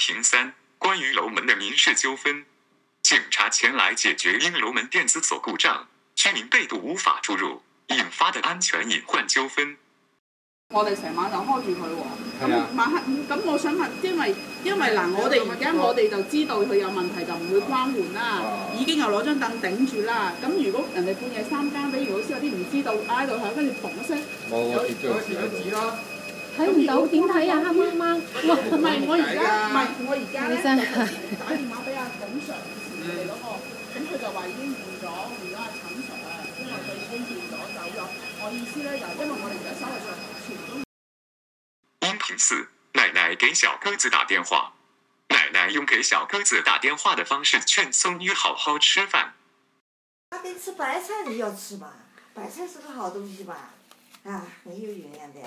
平三關於樓門的民事糾紛，警察前來解決因樓門電子鎖故障，居民被堵無法出入，引發的安全隱患糾紛。我哋成晚就開住佢喎，咁晚黑咁我想問，因為因為嗱，我哋而家我哋就知道佢有問題就唔會關門啦，啊啊，已經又攞張凳頂住啦。咁如果人哋半夜三更，比如好似有啲唔知道，挨到響，跟住嘭一聲，我我我我指啦。睇唔到點睇啊！黑媽媽，哇！唔係我而家，唔係我而家咧，打電話俾阿董常前嚟咯，咁 佢、嗯、就話已經換咗、嗯，而家阿陳常啊，因為佢沖電咗走咗。我意思咧，又因為我哋而家收埋咗全中。音頻四，奶奶給小鴿子打電話。奶奶用給小鴿子打電話的方式勸孫女好好吃飯。爸爸，吃白菜你要吃嘛？白菜係個好東西嘛？啊，很有營養嘅。